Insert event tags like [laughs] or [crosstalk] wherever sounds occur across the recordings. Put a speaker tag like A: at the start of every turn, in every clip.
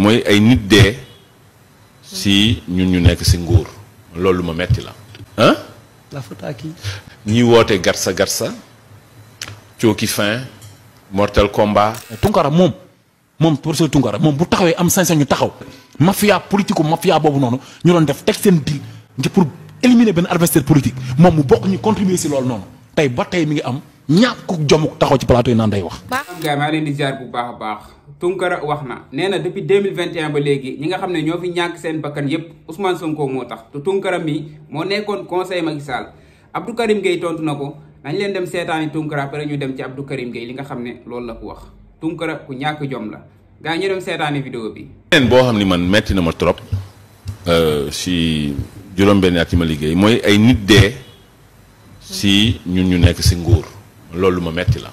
A: mooy ay nit dee si ñun ñu nekk si nguur loolu ma metti la ah la faute à qui ñi woote garsa garsa cooki fin mortel combat
B: Tunkara moom moom professeur Tunkara moom bu taxawee am sañ-sañ ñu taxaw mafia politico mafia boobu noonu ñu doon def teg seen deal ngir pour éliminer benn adversaire politique moom mu bokk ñu contribuer si loolu noonu tey ba tey mi ngi am ñàkk ku taxaw ci plateau yi naan day wax.
C: bu baax baax. Tunkara waxna neena depuis 2021 ba léegi ñi nga xamne ñofi ñak seen bakkan yépp Ousmane Sonko moo tax Tunkara mi mo nekkon conseil Macky Sall Abdou Karim Gueye tontu nako nañ leen dem sétani Tunkara pare ñu dem ci Abdou Karim Gueye li nga xamne loolu la ko wax Tunkara ku ñak jom la ga ñu dem sétani vidéo bi.
A: bo xamni man metti na ma trop euh, si juróom-benn at yi ma liggéey moy ay nit dé si ñun ñu nekk ci nguur loolu ma metti la.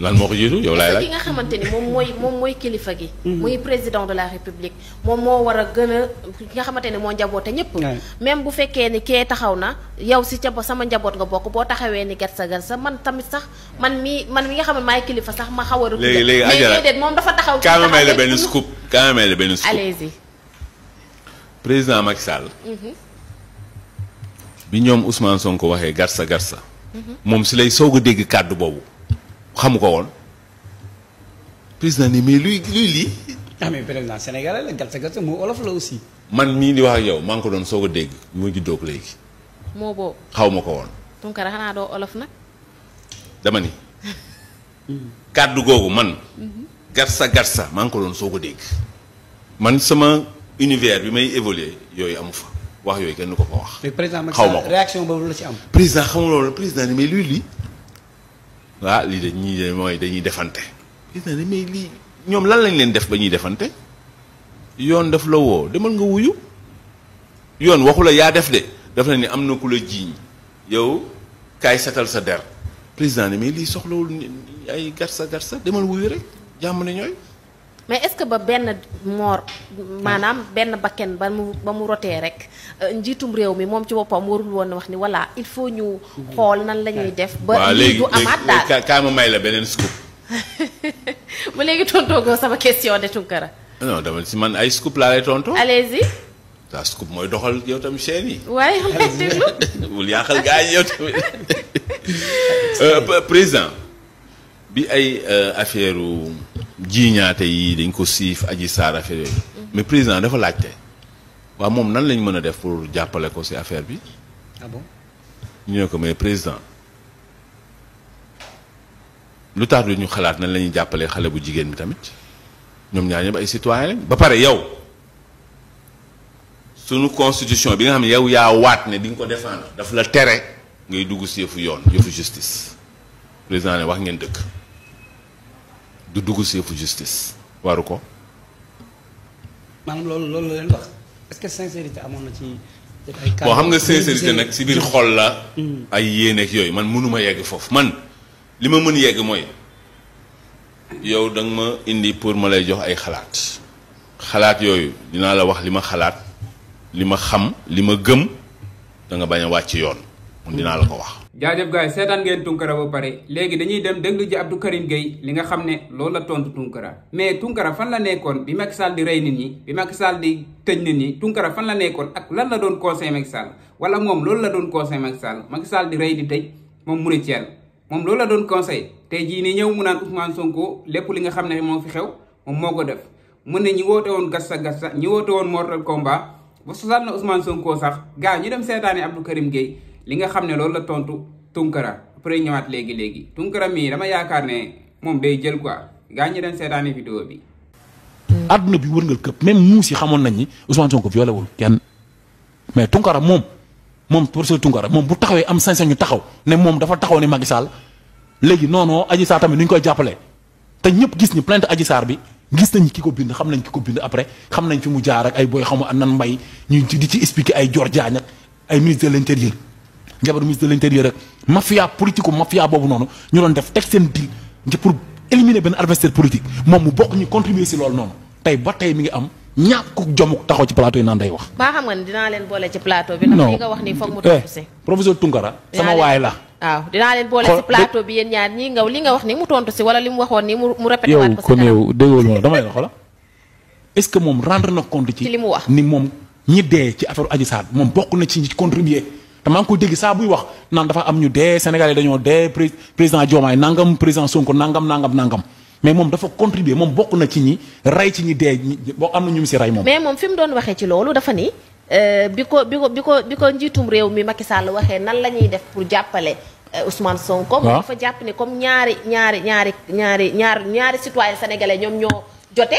A: lan moo ko jiitu yow laay laaj ki nga
D: xamante ni moom mooy moom mooy kilifa gi. muy président de la république moom moo war a gën a ki nga xamante ni moo njaboote ñëpp. même bu fekkee ni kee taxaw na yow si ca sama njaboot nga bokk boo taxawee ni gat sa gat sa man tamit sax man mi man mi nga xam ne maay kilifa sax ma xaw a. léegi léegi ajara moom dafa taxaw. kaa ma la benn
A: scoop kaa ma may la président Macky Sall. Mhm. bi ñoom Ousmane Sonko waxee gat sa mhm. moom si lay soog a dégg kàddu boobu. Président, ko woon président ni mais luy luy ah mais
C: président sénégalais la gàtt gàtt la aussi.
A: man mii di wax ak yow maa ngi ko doon soog a dégg je léegi.
D: moo olof
A: man. garsa garsa maa ngi ko doon soog man sama univers bi may évoluer yooyu amu wax yooyu kenn du ko wax. président président waa ah, lii de ñii de mooy dañuy defante.
B: gis na ne mais lii
A: ñoom lan lañ leen def ba ñuy defante yoon daf la woo demal nga wuyu yoon waxu la yaa def de daf na ni am na ku la jiiñ yow kaay setal sa der président ne mais lii soxlawul ay garsa garsa demal wuyu rek jàmm ne ñooy.
D: mais est-ce que ba benn moor maanaam benn bakken ba mu rotee rek euh, njiitum réew mi moom ci boppam warul woon wax ni voilà il faut ñu xool nan la ñuy def. ba lii du amaat daal
A: waaw may la beneen scoop. [laughs]
D: ba léegi tontoogoo sama question de Tunkara.
A: dama si man ay scoop laa lay tontu. allez-y. waaw scoop mooy doxal yow tamit chaîne yi. waaye may [laughs] [laughs] euh, bi ay euh, affaire jiiñaate yi dañ ko sif aji saar affaire mm-hmm. mais président dafa laajte wa mom nan lañ mëna a def pour jappalé ko ci affaire bi ah bon ñu ko mais président lu ñu xalaat nan la jappalé xalé bu jigen bi tamit ñom ñaar ay citoyen ba paré yow suñu constitution bi nga xam yow ya ko défendre daf la téré ngay dugg yoon justice président wax ngeen dëkk du dugg seefu justice waru ko.
C: maanaam loolu loolu la leen que sincérité amoon na ci. boo xam nga sincérité nag si biir xol la. Hmm.
A: ay yéeneeg yooyu man mënuma yegg foofu man li ma mën yegg mooy yow danga ma indi pour ma lay jox ay xalaat xalaat yooyu dinaa la wax li ma xalaat li ma xam li ma gëm danga bañ a wàcc yoon. mun dinaa la ko wax.
C: jaajëf gars yi seetaan ngeen Tunkara ba pare léegi dañuy dem déglu ji Abdou Karim Gueye li nga xam ne loolu la tontu Tunkara mais Tunkara fan la nekkoon bi Macky Sall di rey nit ñi bi Macky Sall di tëj nit ñi Tunkara fan la nekkoon ak lan la doon conseil Macky Sall wala moom loolu la doon conseil Macky Sall Macky di rey di tëj moom mu ne Thiel moom loolu la doon conseil te jii ni ñëw mu naan Ousmane Sonko lépp li nga xam ne moom fi xew moom moo ko def mu ne ñi woote woon gassa gassa ñi woote woon mortal combat ba sosal na sax gars ñu dem seetaani Abdou Karim Gueye li nga xamne lolou la tontu tunkara pre ñewat legi legi tunkara mi dama yaakar ne mom day jël quoi gañu den sétane vidéo bi.
B: aduna bi wërngal këpp même musi xamone nañ ni Ousmane Sonko violé wul kenn mais tunkara mom mom professeur tunkara mom bu taxawé am sañ-sañu taxaw né mom dafa taxaw ni Macky Sall léegi non non Adji Sarr tamit ni ñu koy jappalé té ñëpp gis ni plainte Adji Sarr bi. gis nañ ki bind xam nañ kiko bind après xam nañ fi mu jaar ak ay boy xamu an nan ñu di ci expliquer ay jor jaagne ay ministre de l'intérieur njabaru ministre de l'intérieur ak mafia politico mafia boobu noonu ñu doon def teg seen deal ngir pour éliminer benn adversaire politique moom mu bokk ñu contribuer si loolu noonu tey ba tey mi ngi am ñàkk ku jomuk taxaw ci plateau yi naan day wax.
D: ba xam nga dinaa leen boole ci plateau bi. non eh, la. waaw leen boole ci plateau bi yéen ñaar ñii nga li nga wax ni mu tontu si wala li mu waxoon ni mu mu répété waat ko si
B: yow kon dama leen xoola est moom rendre na compte ci. li mu wax ni moom ñi dee ci affaire Adji moom bokk na ci ñi te maa ngi dégg saa buy wax naan dafa am ñu dee Sénégalais dañoo dee président Diomaye nangam président Sonko nangam nangam nangam mais moom dafa contribuer moom bokk na ci ñi rey ci ñi dee ñi boo am ñu mu si rey moom. mais
D: moom fi mu doon waxee ci loolu dafa ni euh, bi ko bi ko bi ko bi ko njiitum réew mi Macky Sall waxee nan la ñuy def pour jàppale. Euh, Ousmane Sonko. waaw dafa jàpp ni comme ñaari ñaari ñaari ñaari ñaari ñaari citoyen sénégalais ñoom ñoo jote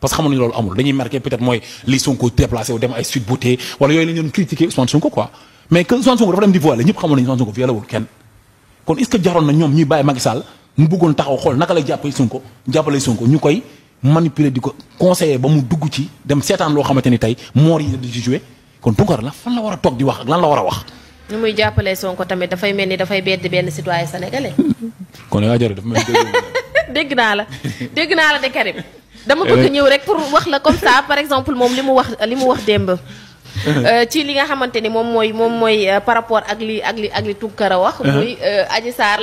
B: parce que xamuñu loolu amul dañuy marqué peut-être li Sonko au dem ay suite beauté wala la critiqué Ousmane Sonko quoi mais que Ousmane Sonko dafa dem voile Ousmane Sonko Donc est-ce que na ñuy Macky Sall taxaw Sonko Sonko manipuler conseiller ba mu ci dem lo xamanteni tay mort yi di ci kon la fan la wara tok di wax lan la wax.
D: Sonko tamit citoyen sénégalais. [laughs] kon [laughs] la la de dama eh bëgg ñëw rek pour wax la comme ça par exemple moom li mu wax li mu wax démb. [laughs] Euh, ci li nga xamante ni moom mooy moom mooy euh, par rapport ak li ak li ak li Tunkara wax. Uh-huh. muy euh, Adji Sarr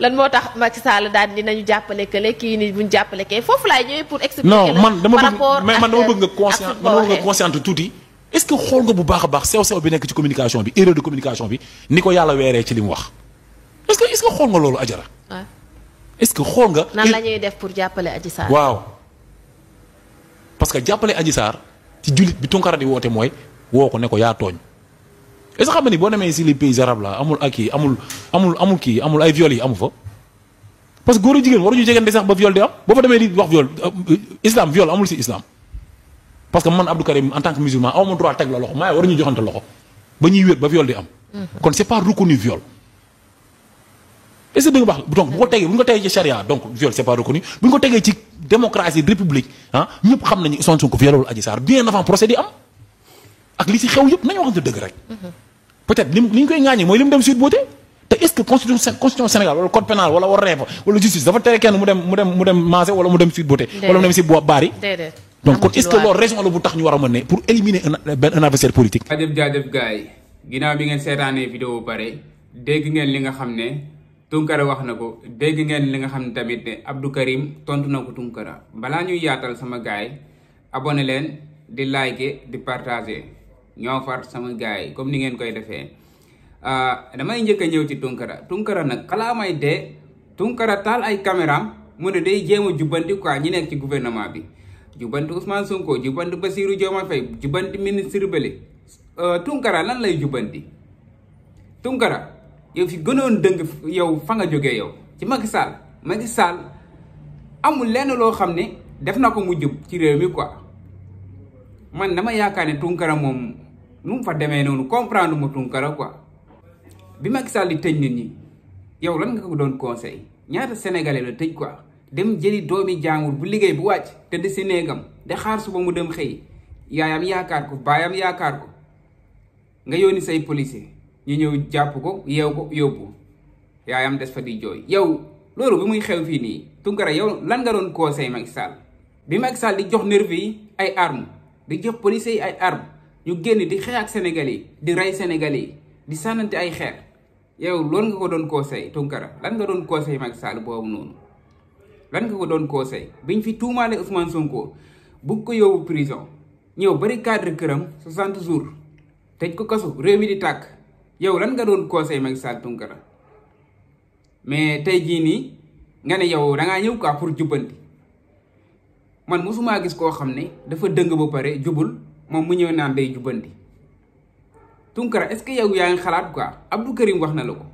D: lan moo tax Macky Sall daal dinañu jàppale kële kii ni buñ jàppale kee foofu laay ñëwee pour. expliquer non man dama bëgg mais man dama bëgg nga conscient man dama bëgg nga
B: consciente tuuti. est ce que xool nga bu baax a baax sew sew bi nekk ci communication bi erreur de communication bi ni ko yàlla weeree ci li mu wax est ce que est ce que xool nga loolu Ajara. est ce que xool nga. nan
D: la ñuy def pour jàppale Adji Sarr waaw.
B: parce que jàppale Adji Sarr ci jullit bi Tunkara di woote mooy woo ko ne ko yaa tooñ est-ce que xam nga ni boo demee si les pays arabes la amul ak kii amul amul amul ay viol yi amu fa parce que góor jigéen waruñu jegeen di sax ba viol di am boo fa demee di wax viol euh, islam viol amul si islam parce que man Abdou Karim en tant que musulman aw ma droit teg la loxo maa waruñu joxante loxo ba ñuy wéet ba viol di am
A: mm-hmm. kon
B: c'est pas reconnu viol est-ce que dëgg baax bu ko bu ñu tegee ci charia donc viol c'est pas bu ñu ko tegee ci démocratie république ah xam nañu Ousmane Sonko violewul Adji Sarr bien avant procès am ak li si xew yëpp nañu waxante mu dem Sweet Beauté te est que constitution Sénégal wala code pénal wala wareef wala justice dafa tere kenn mu dem mu dem mu dem maase wala mu mu dem si Baari.
A: donc kon est que raison
B: la bu tax ñu war a mën ne pour éliminer
C: Tunkara wax na ko dégg ngeen li nga xam ne tamit ne Abdou Karim tontu na ko Tunkara balaa ñuy yaatal sama gaay yi leen di like di partager ñoo far sama gaay yi comme ni ngeen koy defee ah, damay njëkk ñëw ci Tunkara Tunkara nag xalaa may dee Tunkara taal ay caméram mu ne jéem a jubbanti quoi nekk ci gouvernement bi jubbanti Ousmane Sonko jubbanti Bassirou Diomaye Faye jubbanti ministre bële ah, Tunkara lan lay jubbanti Tunkara yow fi gënoon dëng yow fa nga jógee yow ci Macky Sall Macky Sall amul lenn loo xam ne def na ko mu jub ci réew mi quoi man dama yaakaar ne Tunkara moom nu mu fa demee noonu comprendre mu Tunkara bi Macky Sall di tëj nit yow lan nga doon conseil ñaata sénégalais la tëj quoi dem jëli doomi jaamur bu liggéey bu wàcc te di si néegam de xaar suba mu dem xëy yaayam yaakaar ko baayam yaakaar ko nga yónni say policier ñu ñëw jàpp ko yeew ko yóbbu yaayam des fa di jooy yow loolu bi muy xew fii nii Tounkara yow lan nga doon conseil mag Sall bi mag Sall di jox nervi yi ay armes di jox police yi ay armes ñu génn di xeex ak Sénégal di rey Sénégal di sànnante ay xeer yow loolu nga ko doon conseil Tounkara lan nga doon conseil mag Sall boobu noonu lan nga ko doon conseil biñ fi tuumaale Ousmane Sonko bugg ko yóbbu prison ñëw bari cadre këram 60 jours tëj ko kasu tàkk yow lan nga doon conseil Macky Sall Tounkara mais tay ji ni nga ne yow da nga ñew quoi pour jubanti man musuma gis ko xamne dafa deung ba pare jubul mom mu ñew naan day jubbanti Tounkara est-ce que yow yaa ngi xalaat quoi Abdou Karim wax na lako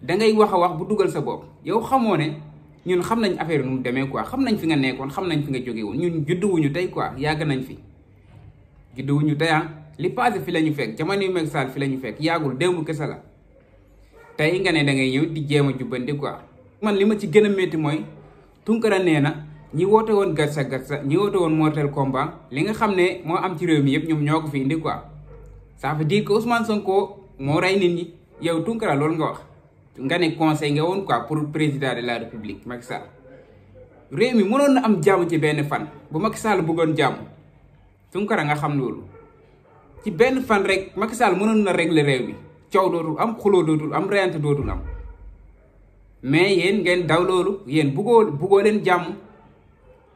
C: da ngay wax wax bu duggal sa bop yow xamone ñun xam nañ affaire nu démé quoi xam nañ fi nga nekkon xam nañ fi nga joggé won ñun wuñu tay quoi yag nañ fi li passé fi la ñu fekk jamono yu saal Sall fi la ñu fekk yaagul démb kese la tey nga ne da ngay ñëw di jéem a jubbanti quoi. man li ma ci gën a métti mooy Tunkara nee na ñi woote woon gatsa gatsa ñi woote woon mortel combat li nga xam ne moo am ci réew mi yëpp ñoom ñoo ko fi indi ko ça veut dire que Ousmane Sonko moo rey nit ñi yow Tunkara loolu nga wax. nga ne conseil nga woon quoi pour président de la république mag Sall réew mi mënoon na am jàmm ci benn fan bu Macky Sall bëggoon jàmm Tunkara nga xam loolu. ci benn fan rek Macky Sall mënoon na régler réew mi coow dootul am xuloo dootul am reyante dootul am mais yéen ngeen daw loolu yéen buggoo buggoo leen jàmm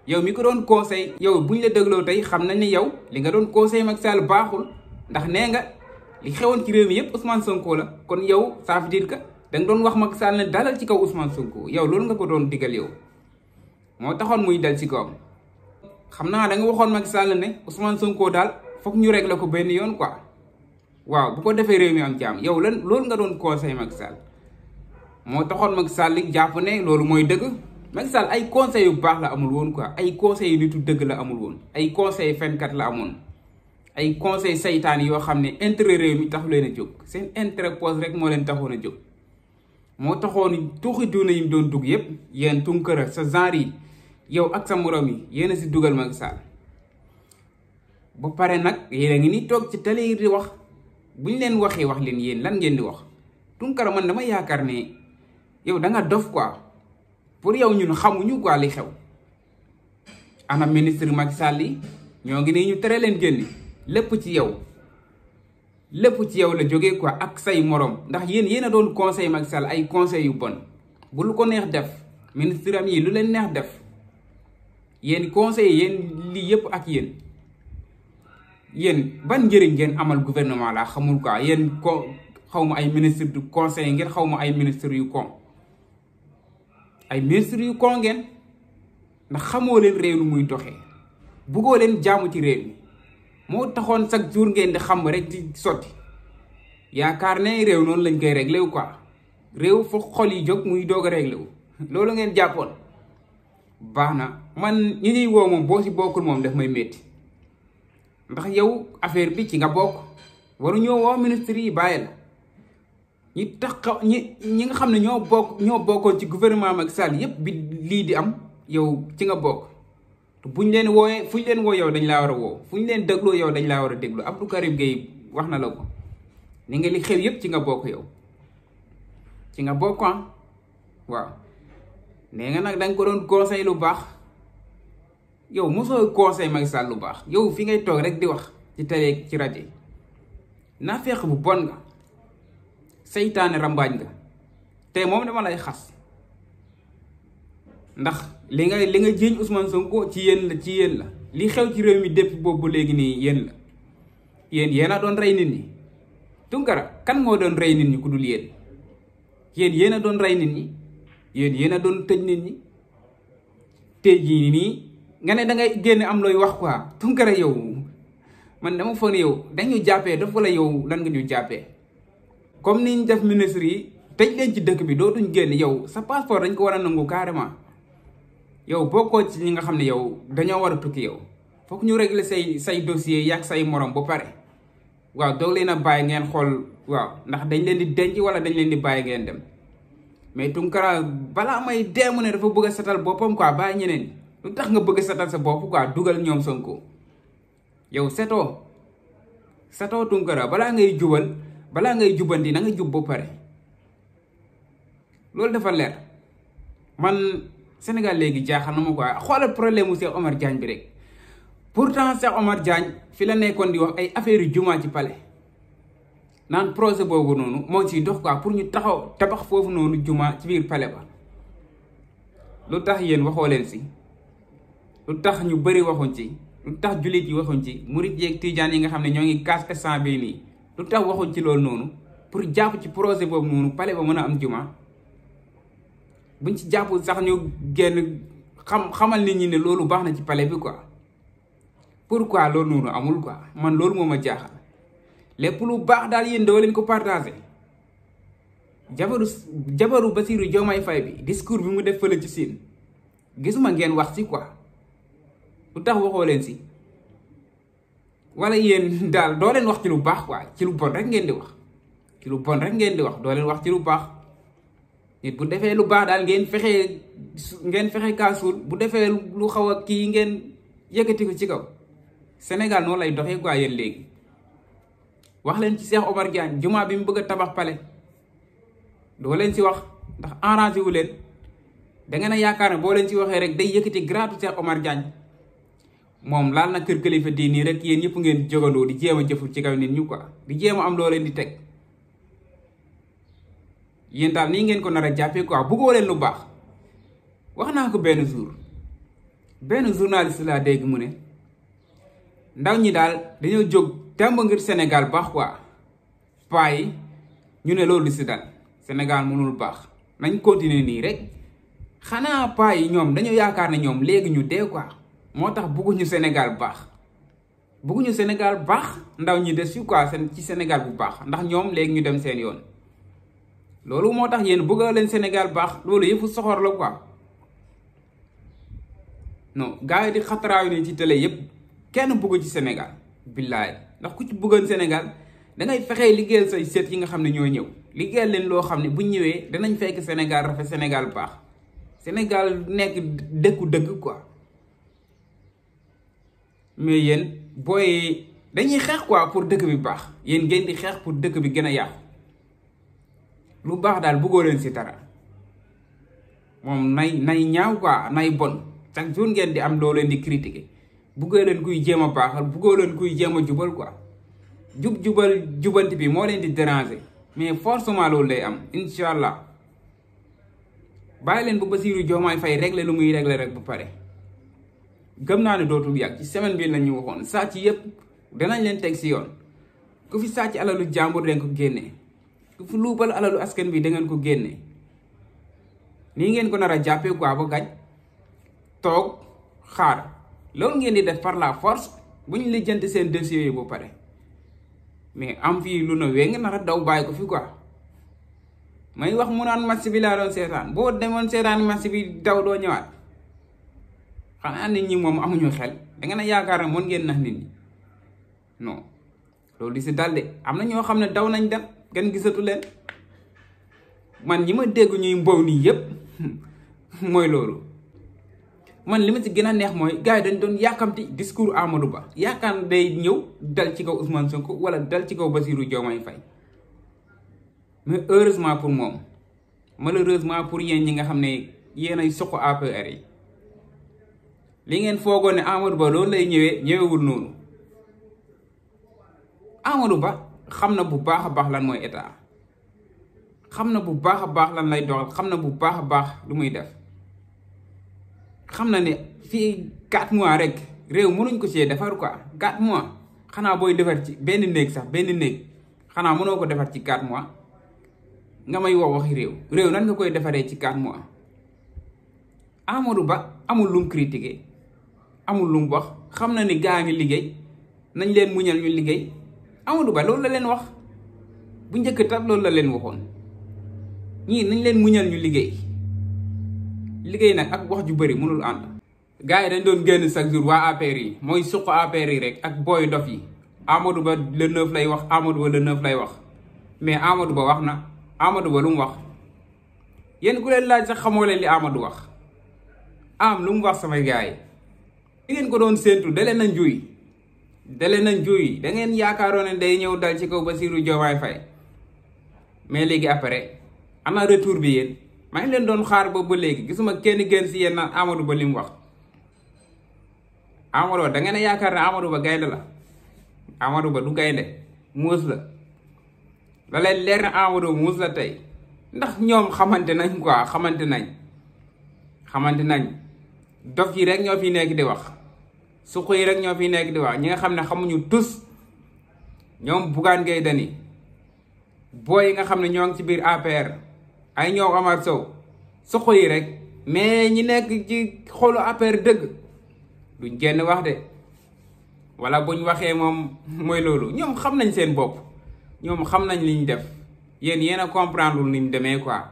C: yow mi ko doon conseil yow bu ñu la dégloo tey xam na ni yow li nga doon conseil Macky Sall baaxul ndax nee nga xewoon ci réew mi yëpp Ousmane Sonko la kon yow ça veut dire que da doon wax Macky Sall ne dalal ci kaw Ousmane Sonko yow loolu nga ko doon digal yow moo taxoon muy dal ci kawam xam naa da nga waxoon Macky Sall ne Ousmane Sonko daal. foog ñu rek régler ko benn yoon quoi waaw bu ko defee réew mi am jàmm yow lan loolu nga doon conseil mag Sall moo taxoon Macky Sall li jàpp ne loolu mooy dëgg Macky Sall ay conseils yu baax la amul woon quoi ay conseils yu nitu dëgg la amul woon ay conseil fenkat la amoon ay conseil saytaan yoo xam ne intérêt réew mi taxu leen a jóg seen intérêt poche rek moo leen taxoon a jóg moo taxoon tuuxi duuna yi mu doon dugg yépp yéen tunkara sa genre yi yow ak sa morom yi yéen a si dugal Macky Sall bu pare nag yéen a ngi ni toog ci tele yi di wax bu ñu leen waxee wax leen yéen lan ngeen di wax Tunkara man dama yaakaar ne yow da nga dof quoi pour yow ñun xamuñu quoi li xew ana ministre mag Sall yi ñoo ngi ne ñu tere leen génn lépp ci yow lépp ci yow la jóge quoi ak say morom ndax yéen yéen a doon conseil Macky Sall ay conseil yu bon bu lu ko neex def ministre am yi lu leen neex def yéen conseil yéen lii yépp ak yéen yéen ban njëriñ ngeen amal gouvernement laa xamul quoi yéen ko xaw ma ay ministre du conseil ngeen xaw ma ay ministre yu kon ay yu kon ngeen ndax xamoo leen réew mi muy doxee buggoo leen jaamu ci réew mi moo taxoon chaque jour ngeen di xam rek di sotti yaakaar ne réew noonu lañ koy réglé wu quoi réew foog xol yi jóg muy doog a réglé loolu ngeen jàppoon baax na man ñi ñuy woo moom boo si bokkul moom daf may métti ndax yow affaire bi ci nga bokk waru ñoo woo ministre yi bàyyi la ñi tax ñi ñi nga xam ne ñoo bokk ñoo bokkoon ci gouvernement Macky Sall yépp bi lii di am yow ci nga bokk buñ leen wooyee fuñ leen woo yow dañ laa war a woo fuñ leen dégloo yow dañ laa war a déglu Abdou Karim Gueye wax na la ko ni nga li xew yépp ci nga bokk yow ci nga bokk ah. waaw nee nga nag danga ko doon conseil lu baax yow muso conseil Macky Sall lu bax yow fi ngay tok rek di wax ci télé ci radio na feex bu bon nga seytaane rambañ nga te mom dama lay xas e ndax li nga li nga jéeñ Ousmane Sonko ci yeen la ci yeen la li xew ci réew mi depp bobu léegi ni yeen la yeen yeena don ray rey nit ñi Tunkara kan mo don ray nit ni ku dul yeen yéen yéen a doon nit ni yeen yeena don tej nit ni tej ni nga ne da ngay génn am looy wax quoi Tounkara yow man dama foog ne yow dañu jàppee daf wala yow lan nga ñu jàppee comme ni ñu def ministre yi tëj leen ci dëkk bi dootuñ génn yow sa passeport dañ ko war a nangu carrément yow ko ci ñi nga xam ne yow dañoo war a tukki yow foog ñu regle say say dossier yàgg say morom ba pare waaw doog leen a bàyyi ngeen xool waaw ndax dañ leen di denc wala dañ leen di bàyyi ngeen dem mais Tounkara balaa may deemu ne dafa bëgg a setal boppam quoi bàyyi ñeneen. lu tax nga bëgg a sa bopp quoi dugal ñoom Sonko yow setoo setoo Tunkara balaa ngay jubal balaa ngay jubanti na jub bu pare loolu dafa leer man Sénégal léegi jaaxal na ma quoi xoolal problème mu Cheikh Omar Diagne bi rek pourtant Cheikh Omar Diagne fi la nekkoon di wax ay affaire yu jumaa ci pale naan projet boobu noonu moo ciy dox quoi pour ñu taxaw tabax foofu noonu jumaa ci biir pale ba lu tax yéen waxoo leen si. lu tax ñu bëri waxuñ ci lu tax jullit yi waxuñ ci murit yeeg tijaan yi nga xam ne ñoo ngi casse instant bii nii lu tax waxuñ ci loolu noonu pour jàpp ci projet boobu noonu pale ba mën a am juma buñ ci jàpp sax ñu génn xam xamal nit ñi ne loolu baax na ci pale bi quoi pourquoi loolu noonu amul quoi man loolu moom a jaaxal lépp lu baax daal yéen doo leen ko partagé. jabaru jabaru Bassirou Diomaye Faye bi discours bi mu def fële ci siin ma ngeen wax ci quoi. lu tax waxoo si wala yeen dal do len wax ci lu bax waaye ci lu bon rek ngeen di wax ci lu bon rek ngeen di wax do len wax ci lu bax nit bu defé lu bax dal ngeen fexé ngeen fexé kaasuul bu defé lu xaw a ngeen yëkëti ko ci kaw Sénégal no lay doxé quoi yeen légui wax len ci Cheikh Omar Diagne juma bi mu bëgg tabax pale do len ci wax ndax arrangé wu len da nga na yaakaar bo len ci waxee rek day yëkëti gratuité Cheikh Omar Diagne moom laal na kër kilifa nii rek yéen ñëpp ngeen jógandoo di jéem a jëfu ci kaw nit ñu ko di jéem am loo leen di teg yéen daal nii ngeen ko nar a jàppee quoi bëggoo leen lu baax wax naa ko benn jour benn journaliste laa dégg mu ne ndaw ñi daal dañoo jóg temb ngir Sénégal baax quoi paa yi ñu ne loolu si dal Sénégal mënul baax nañ continuer nii rek xanaa paa yi ñoom dañoo yaakaar ne ñoom léegi ñu dee quoi. moo tax bëgguñu Sénégal baax bëgguñu Sénégal baax ndaw ñi des ci quoi ci Sénégal bu baax ndax ñoom léegi ñu dem seen yoon loolu moo tax yéen bëgga leen Sénégal baax loolu yëpp soxoor la quoi non gars yi di xataraayu ni ci télé yëpp kenn bëggu ci Sénégal billaay ndax ku ci bëggoon Sénégal dangay ngay fexe liggéeyal say seet yi nga xam ne ñoo ñëw liggéeyal leen loo xam ne bu ñëwee danañ fekk Sénégal rafet Sénégal baax Sénégal nekk dëkku dëgg quoi. mais yéen booy dañuy xeex quoi pour dëkk bi baax yéen ngeen di xeex pour dëkk bi gën a yàqu lu baax daal bëggoo leen si tara moom nay nay ñaaw quoi nay bon chaque jour ngeen di am loo leen di critiquer bëggoo leen kuy jéem a baaxal bëggoo leen kuy jéem a jubal quoi jub jubal jubanti bi moo leen di déranger mais forcément loolu day am incha allah bàyyi leen bu Bassirou Diomaye Faye régler lu muy régler rek bu pare. gëm naa ne dootul yàgg ci semaine bi lañu waxoon sàcc yëpp danañ leen teg si yoon ku fi sàcc alalu jàmbur dangeen ko génne ku fi luubal alalu askan bi dangeen ko génne nii ngeen ko nar a jàppee quoi ba gaj toog xaar loolu ngeen di def par la force bu ñu lijjanti seen dossier yi ba pare mais am fii lu na wee nga nar a daw bàyyi ko fi quoi may wax mu naan match bi laa doon seetaan boo demoon seetaan match bi daw doo ñëwaat. xanaa nit ñi moom amuñu xel da ngeen a yaakaar ne mën ngeen nax nit ñi non loolu di si dal de am na ñoo xam ne daw nañ dem kenn gisatu leen man ñi ma dégg ñuy mbow nii yëpp mooy loolu man li ma ci gën a neex mooy gars yi dañ doon yàkkamti discours Amadou Ba yaakaar day ñëw dal ci kaw Ousmane Sonko wala dal ci kaw Basirou Diomaye Faye mais heureusement pour moom malheureusement pour yéen ñi nga xam ne yéen ay suqu APR yi li ngeen foogoon ne Amadou Ba loolu lay ñëwee ñëwewul noonu Amadou Ba xam na bu baax a baax lan mooy état xam na bu baax a baax lan lay doxal xam na bu baax a baax lu muy def xam na ne fii 4 mois rek réew mënuñ ko cee defar quoi 4 mois xanaa booy defar ci benn néeg sax benn néeg xanaa mënoo ko defar ci 4 mois nga may wax waxi réew réew nan nga koy defaree ci 4 mois Amadou Ba amul lum critiquer amul lu mu wax xam na ni gaa ngi liggéey nañ leen muñal ñu liggéey Amadou Ba loolu la leen wax bu njëkk tam loolu la leen waxoon ñii nañ leen muñal ñu liggéey liggéey nag ak wax ju bëri mënul ànd. gars yi dañ doon génn chaque jour waa APR yi mooy suq APR yi rek ak booy dof yi Amadou Ba le lay wax Amadou Ba le lay wax mais Amadou Ba wax na Amadou Ba lu wax yéen ku leen laaj sax xamoo leen li amadu wax am lu mu wax samay gars yi. li ko doon séentu dale na njuuy dale na njuuy da ngeen yaakaaroon ne day ñëw dal ci kaw Bassirou Diomaye Faye mais léegi après ana retour bi yéen maa ngi leen doon xaar ba ba léegi gisuma kenn gën si yéen naan Amadou Ba li mu wax Amadou da ngeen yaakaar ne Amadou Ba gaynde la Amadou Ba du gaynde muus la la leen leer na Amadou muus la tey ndax ñoom xamante nañ quoi xamante nañ xamante nañ dof yi rek ñoo fi nekk di wax suq yi rek ñoo fi nekk di wax ñi nga xam ne xamuñu tus ñoom Bougane Gueye Dany booy yi nga xam ne ñoo ngi ci biir APR ay ñoo Omar soow suq yi rek mais ñi nekk ji xoolu APR dëgg duñ génn wax de wala buñ waxee moom mooy loolu ñoom xam nañ seen bopp ñoom xam nañ li def yéen yéen a comprendre ni mu demee quoi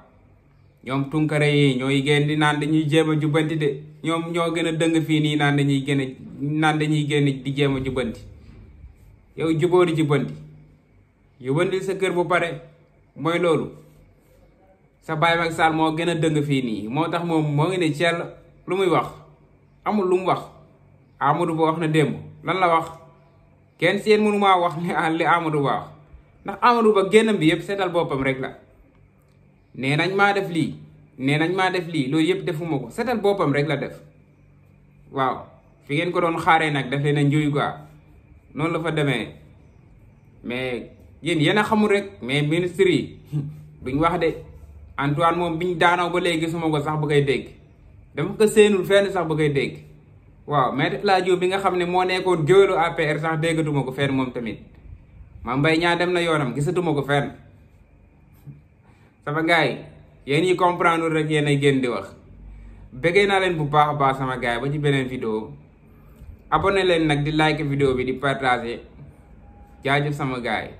C: ñoom tunkare yi ñooy génn di naan dañuy jéem a jubbanti de. ñom ñoo gëna fini dëng fi ni naan dañuy gëna naan dañuy gën di jéem jubanti yow jubóo di yu yubandil sa kër bu pare moy loolu sa bay mak sal mo gëna dëng fi ni mo tax moom moo ngi ne ciel lu muy wax amul lu mu wax Amadou bo wax na dem lan la wax kenn seen mënu ma wax ne [laughs] li Amadou wax ndax Amadou Ba bi yépp sétal bopam rek la nee nañ def li nee nañ maa def lii loolu yëpp defuma ko setal boppam rek la def waaw fii ngeen ko doon xaaree nag daf leen a njuuy quoi noonu la fa demee mais yéen yéen a xamul rek mais ministre yi [laughs] duñ wax de Antoine moom biñ daanoo ba léegi gisuma ko sax ba koy dégg dama ko seenul fenn sax ba koy dégg waaw mais El Hadj bi nga xam ne moo nekkoon géwélu APR sax déggatuma ko fenn moom tamit ma mbay ñaa dem na yoonam gisatuma ko fenn [laughs] sama yi yéen yi comprendre rek yéen ay génn di wax bëggee naa leen bu baax a baax sama gars ba ci beneen vidéo abonné leen nag di like vidéo bi di partager jaajëf sama gars yi